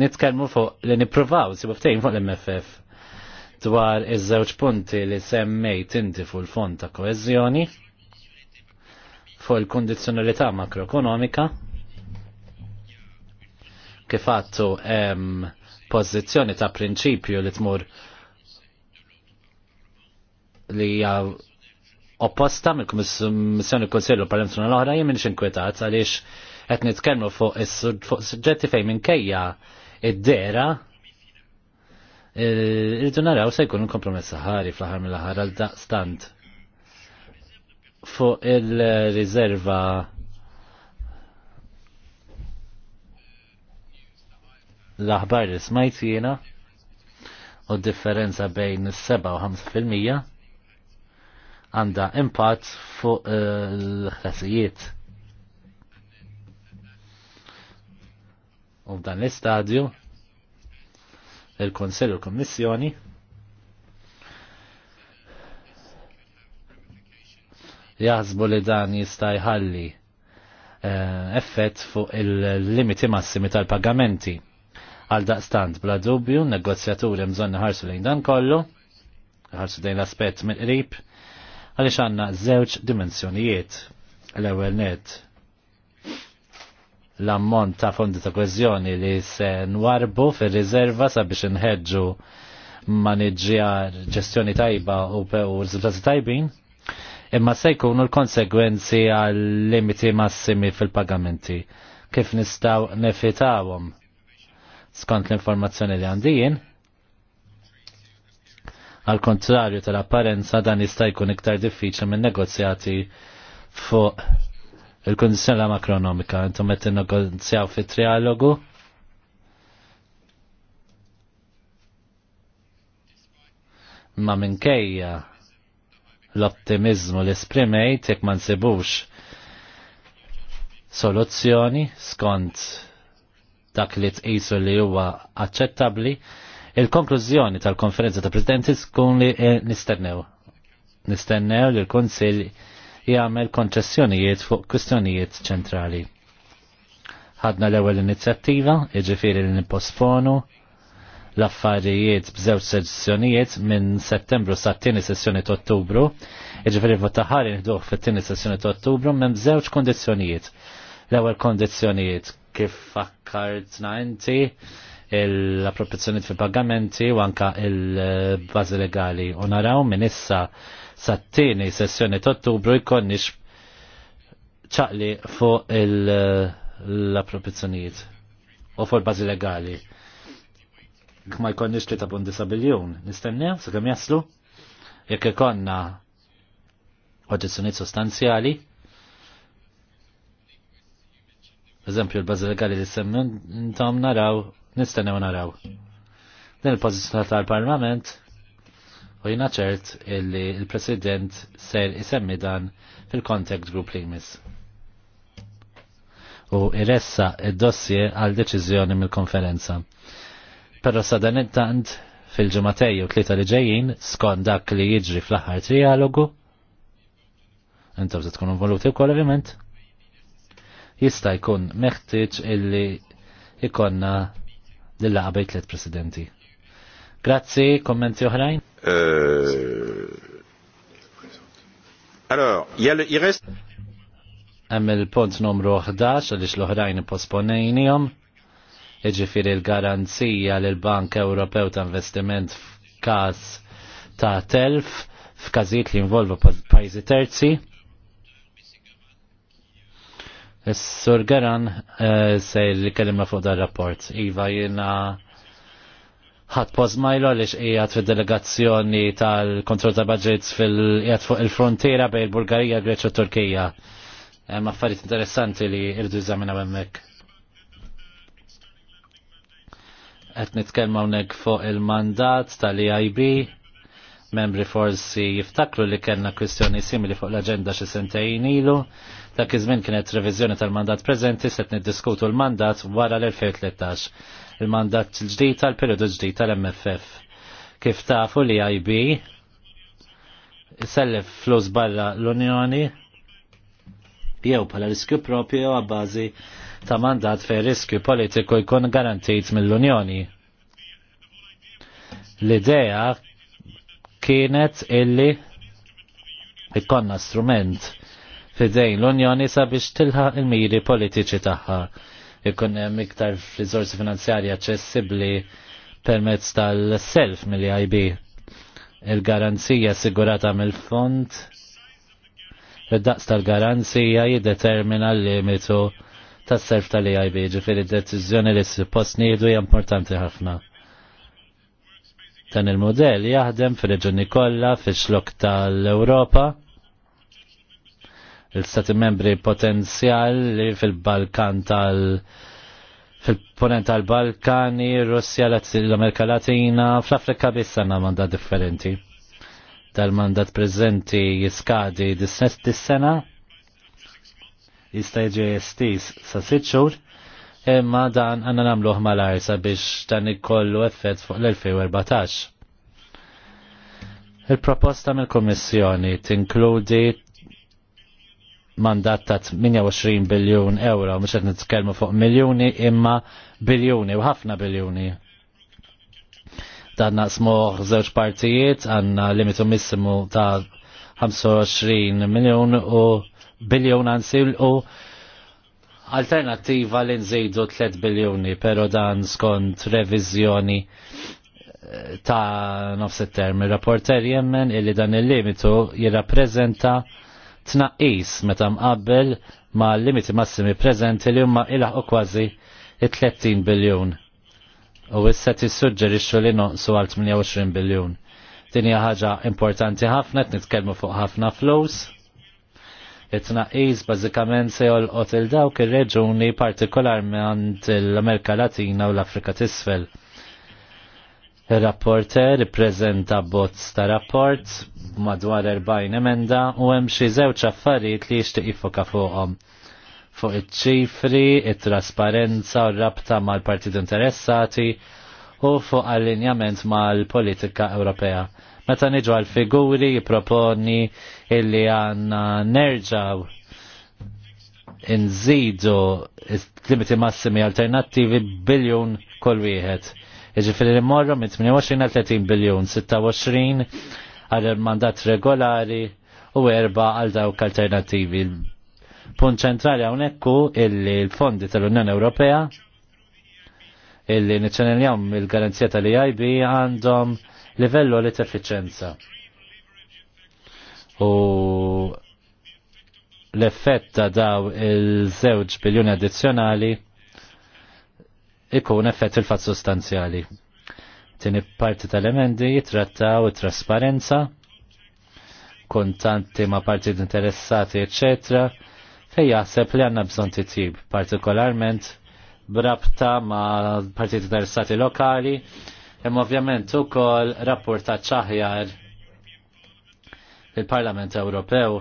nitkellmu fuq li nippruvaw sibu ftejn fuq l-MFF dwar iż-żewġ punti li semmejt inti fuq il-fond ta' koeżjoni fuq il-kondizzjonalità makroekonomika kif għattu hemm pożizzjoni ta' prinċipju li tmur li hija opposta mill-Kummissjoni Kunsillu Parlamentuna l-oħra jien minx inkwetat għaliex qed nitkellmu fuq is-suġġetti fejn minkejja id-dera e, irridu naraw se jkun kompromess ħari fl-aħħar mill-aħħar għal daqstant fuq il-riserva l-aħbar li smajt jiena u differenza bejn is-7 u 5% għandha impatt fuq eh, l-ħlasijiet. U f'dan l-istadju il-Konsell u l-Kommissjoni jaħsbu li dan jista' jħalli eh, effett fuq il-limiti massimi tal-pagamenti Għal daqstant, bla dubju, negozjaturi mżon ħarsu lejn dan kollu, ħarsu lejn l-aspet mill qrib għalix għanna zewċ dimensjonijiet l-ewel net l-ammont ta' fondi ta' kwezjoni li se nwarbu fil-rizerva sabiex nħedġu maniġġjar ġestjoni tajba u rizultati tajbin, imma se jkunu l-konsegwenzi għal limiti massimi fil-pagamenti. Kif nistaw nefitawhom? skont l-informazzjoni li għandijin. Al kontrarju tal-apparenza dan jista' jkun iktar diffiċli minn negozjati fuq il-kondizjoni makronomika. Intom qed innegozjaw fit-trialogu. Ma minkejja l-ottimizmu li sprimejt jekk ma nsibux soluzzjoni skont dak li tqisu li huwa aċċettabbli, il-konklużjoni tal-konferenza ta' presidenti tkun li eh, nistennew. Nistennew li l-Kunsill jagħmel konċessjonijiet fuq kwistjonijiet ċentrali. Ħadna l-ewwel inizjattiva, jiġifieri li nipposponu l-affarijiet b'żewġ sessjonijiet minn settembru sa' tieni sessjoni ta' ottubru, jiġifieri votaħari nħduh fit-tieni sessjoni ta' ottubru minn bżewġ kondizzjonijiet. L-ewwel kondizzjonijiet kif fakkartna inti l-appropriazzjoniet fil pagamenti u anka il-bazi legali. U naraw minn issa sattini sessjoni ta' ottubru jkonnix ċaqli fuq l appropriazzjonijiet u fuq il-bazi legali. Kma jkonnix li ta' bundi Nistennew, sakemm jaslu? Jekk ikollna oġġezzjoniet sostanzjali, eżempju l-bazi legali li semmu, n-tom naraw, nistennew naraw. Din il-pozizjoni tal-parlament u jina ċert illi il-president ser isemmi dan fil-contact group li jmiss. U iressa id-dossier għal deċiżjoni mill-konferenza. Pero sa dan it fil-ġematej u tlita li ġejjin skont dak li jiġri fl-aħħar trialogu. Intom se tkun involuti wkoll ovvjament jista' jkun meħtieġ illi ikonna lilla laqa tliet presidenti. Grazzi, kommenti oħrajn? Euh, allora, il hemm il-punt numru 11 għaliex l-oħrajn posponejnihom. Iġifieri l-garanzija l bank Ewropew ta' investiment f'każ ta' telf f'każijiet li involvu pajjiżi terzi. Sur Garan eh, se li kellimna fuq dar rapport. Iva jina ħat pozmajlu għalix ijat fil delegazzjoni tal-kontrol ta' budgets fil fuq il-frontiera bej il-Bulgarija, Greċa u Turkija. Hemm affarijiet interessanti li irdu jżaminaw hemmhekk. Qed nitkellmu hawnhekk fuq il-mandat tal-EIB membri forsi jiftakru li kellna kwistjoni simili fuq l-aġenda xi sentejn ilu Dak iż-żmien kienet reviżjoni tal-mandat preżenti set niddiskutu l-mandat wara l-2013, il-mandat ġdid tal periodu ġdid tal-MFF. Kif tafu li IB sellef flus barra l-Unjoni jew bħala riskju propju għabbażi ta' mandat fej riskju politiku jkun garantit mill-Unjoni. L-idea kienet illi ikkonna strument fidejn l-Unjoni sabiex tilħaq il-miri politiċi tagħha. Ikun hemm iktar riżorsi finanzjarji aċċessibbli permezz tal-self mill-IB. Il-garanzija sigurata mill-fond id-daqs tal-garanzija jiddetermina l-limitu tas-self tal-EIB, ġifiri d-deċiżjoni li suppost nieħdu hija importanti ħafna dan il-modell jaħdem fir reġuni kollha fix-xlok tal-Ewropa il-stati membri potenzjali fil-Balkan tal- fil-ponent tal-Balkani, Russja, l-Amerika Latina, fl-Afrika biss għanna mandat differenti. Tal-mandat preżenti jiskadi dis-sena, jista' jiġi estis sa sitt xhur, imma dan għandna namluħ mal-arsa biex dan ikollu effett fuq l-2014. Il-proposta mill komissjoni tinkludi mandat ta' 28 biljun euro, mux għet nitkelmu fuq miljoni imma biljoni u ħafna biljoni. Dan naqsmuħ żewġ partijiet għanna limitu missimu ta' 25 miljon u biljon għansil u alternativa li nżidu 3 biljoni, pero dan skont revizjoni eh, ta' nofs term. Il-rapporter jemmen illi dan il-limitu jirrapprezenta tnaqqis meta mqabbel ma' limiti massimi preżenti li huma u kważi 30 biljun. U issa tissuġġerixxu li noqsu għal 28 biljun. Din hija ħaġa importanti ħafna qed nitkellmu fuq ħafna flows. It-tnaqqis bażikament se jolqot il dawk ir-reġuni partikolarment l-Amerika Latina u l-Afrika t'isfel. Il-rapporter prezenta bozz ta' rapport madwar 40 emenda u hemm xi żewġ affarijiet li jixtieq jifoka fuqhom. Fuq iċ-ċifri, it-trasparenza u rabta mal-partit interessati u fuq allinjament mal-politika Ewropea. Meta niġu għal-figuri jipproponi illi għanna nerġaw nżidu limiti massimi alternattivi biljun kol wieħed. Iġifiri li morru minn 28 għal 30 biljon, 26 għal mandat regolari u erba għal dawk alternativi. Punt ċentrali għonekku illi l-fondi tal-Unjoni Ewropea illi niċċeneljaw il-garanzija tal iib għandhom livello li t-efficienza. U l-effett ta' daw il-żewġ biljoni addizzjonali ikun effett il-fat sostanzjali. Tini parti tal-emendi jitrattaw trasparenza, kontanti ma parti interessati, ecc. fej jaħseb li għanna bżon titjib, partikolarment brabta ma partiti interessati lokali, jem ovvjament ukoll rapporta ċaħjar il-Parlament Ewropew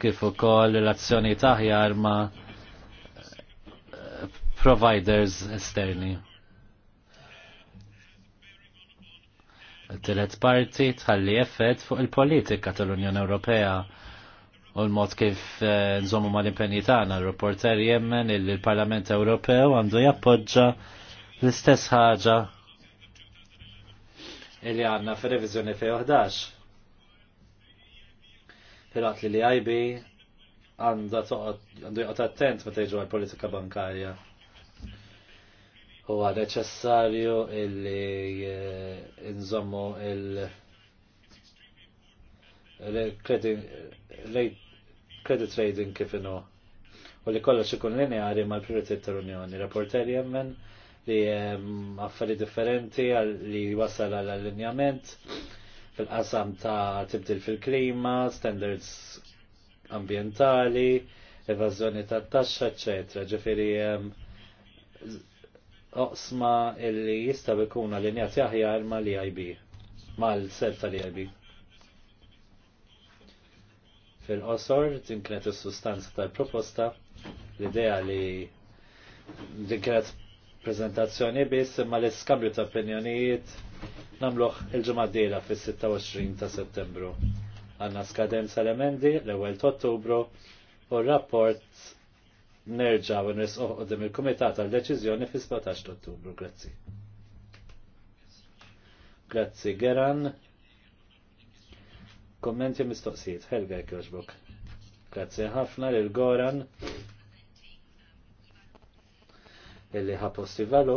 kif ukoll l-azzjoni taħjar ma' providers esterni. Tillet parti tħalli effett fuq il-politika tal-Unjoni Ewropea u l-mod kif eh, nżommu ma l-impenji tagħna l-reporter jemmen il-Parlament Ewropew għandu jappoġġa l-istess ħaġa illi għandna fir-reviżjoni fejn 11. Pilot li li ib għandu joqgħod attent ma' teġu għal politika bankarja huwa neċessarju illi eh, nżommu il-credit trading kif inhu u li kollox ikun lineari mal prioritet tal-Unjoni. rapporteri jemmen li affari differenti li wasal għall allinjament fil-qasam ta' tibdil fil-klima, standards ambientali, evażjoni ta' taxxa, eccetera. Ġifiri oqsma illi jistaw ikun allinjat jaħjar ma għajbi, ma mal-self tal Fil-qosor, tinkret il-sustanza tal-proposta, l-idea li dinkret prezentazzjoni biss imma l skambju ta' opinjonijiet namluħ il ġumaddila dila fil-26 ta' settembru. Għanna skadenza l-emendi l-ewel ta' ottubru u r-rapport nerġaw nisqoq il-Kumitat għal deċiżjoni fis-17 Ottubru. Grazzi. Grazzi Geran. Kommenti mistoqsijiet, Helga Kjoġbok. Grazzi ħafna lil Goran illi ħaposti valo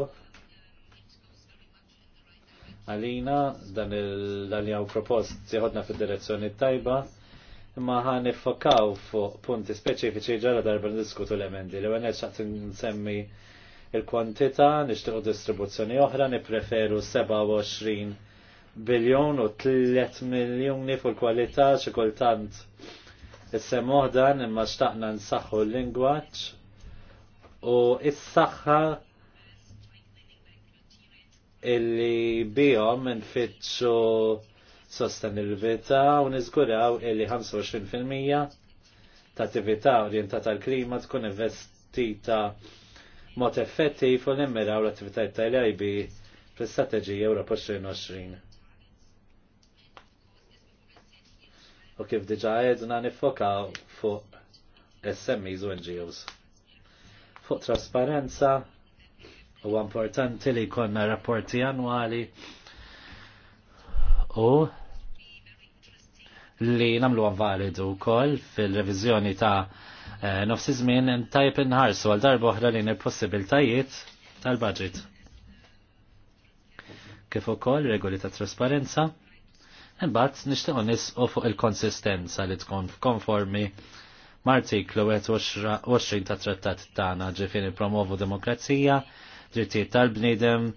għalina dan il-dan propost siħodna fil-direzzjoni tajba imma ħan nifokaw fuq punti speċifiċi ġara darba niskutu l-emendi li għanet xaqt nsemmi il-kwantita, nishtiqu distribuzzjoni oħra, nipreferu 27 biljon u 3 miljoni fuq kwalità xi kultant issem oħdan imma xtaqna nsaħħu l-lingwaġġ u s-saħħa illi bihom nfittxu sostenibilità u niżguraw illi 25% ta' attività orientata al klima tkun investita mod effettiv u nimmiraw l-attivitajiet tal-IB fl strategija Europa 2020. u kif diġa għedna nifoka fuq SMEs u NGOs. Fuq trasparenza u importanti li konna rapporti annwali u li namlu validu kol fil-revizjoni ta' eh, nofsi żmien tajb inħarsu għal darba oħra li possibiltajiet tal-budget. Kif ukoll regoli ta' trasparenza, imbagħad nixtiequ nisqu fuq il-konsistenza li tkun konformi artiklu 20 ta' trattat tagħna ġifieri promovu demokrazija, drittijiet tal-bniedem,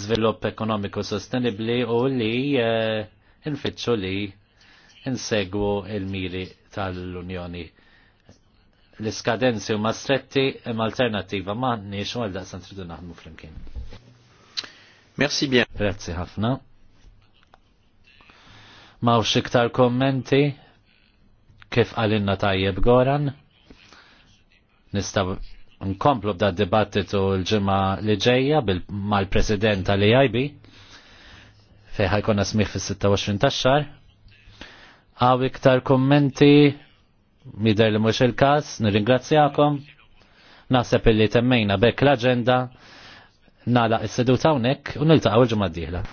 żvilupp ekonomiku sostenibbli u li eh, nfittxu li insegwu il-miri tal-Unjoni. L-iskadenzi huma stretti imma alternattiva m'għandniex u għal daqsan tridu naħdmu flimkien. Merci bien. Grazzi ħafna. u iktar kommenti kif għalinna tajjeb Goran. Nistaw nkomplu b'da dibattitu l-ġimma li ġejja mal-president tal-EIB fejħa konna smiħ fis-26 tax-xar Għaw iktar kommenti, mider li mux il-kas, nirringrazzjakom. Naħseb illi temmejna bekk l-agenda, nala is-seduta unek, un il-taqaw il-ġumma